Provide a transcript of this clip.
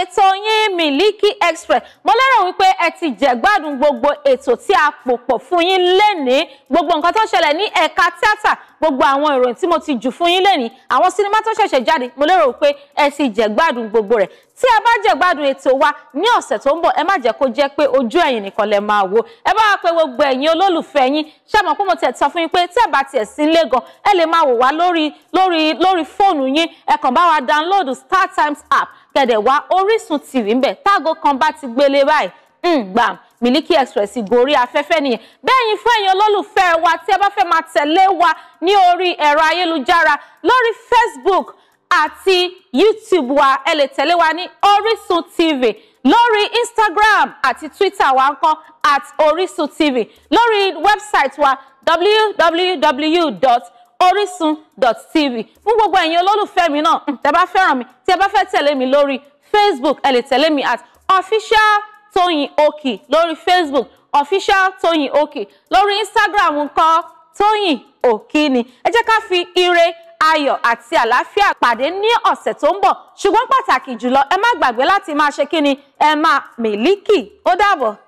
ètò yín Miliki Express mo lérò wípé ẹ ti jẹ̀gbádùn gbogbo ètò tí a pò pọ̀ fún yín lénìí gbogbo nǹkan tó ṣẹlẹ̀ ní ẹ̀ka tíátà gbogbo àwọn ìròyìn tí mo ti jù fún yín lẹ́ni àwọn sinimá tó ṣẹ̀ṣẹ̀ jáde mo lérò pé ẹ ti jẹ̀gbádùn gbogbo rẹ̀ tí ẹ bá jẹ̀gbádùn ètò wa ní ọ̀sẹ̀ tó ń bọ̀ ẹ má jẹ́ kó jẹ́ pé ojú ẹ̀yin nìkan lẹ máa wò ẹ bá wa pé gbogbo ẹ̀yin olólùfẹ́ yín ṣàmọ̀ pé mo tẹ̀ tọ́ fún yín pé tẹ́ bá tiẹ̀ sí nílé gan ẹ lè máa wò wá lórí lórí lórí fóònù yín ẹ kàn bá wa download StarTimes app kẹ̀dẹ̀ wá Orísun TV ń bẹ̀ táago kan bá ti gbélé báyìí hmm, gbàm Miliki Express gorí afẹ́fẹ́ nìyẹn bẹ́ẹ̀ yín fún ẹ̀yin olólùfẹ́ wa tí ẹ bá fẹ́ máa tẹ̀lé wa ní orí ẹ̀rọ ayélujára lórí Facebook àti YouTube wa ẹ lè tẹ̀lé wa ní Orísun TV lórí Instagram àti Twitter wa ń kọ́ at Orísun TV lórí website wa www.orísun.tv orisun.tv fún gbogbo ẹ̀yin olólùfẹ́ mi náà tẹ́ bá fẹ́ràn mi tí bá fẹ́ tẹ̀lé mi lórí facebook ẹ lè tẹ̀lé mi at official Tóyìn Òkì lórí Facebook official Tóyìn Òkì lórí Instagram ńkọ́ Tóyìn Òkì ni ẹ jẹ́ ká fi ire ayọ̀ àti àlàáfíà pàdé ní ọ̀sẹ̀ tó ń bọ̀ ṣùgbọ́n pàtàkì jùlọ ẹ má gbàgbé láti máa ṣe kí ni ẹ máa mìlíkì ó dàbọ̀.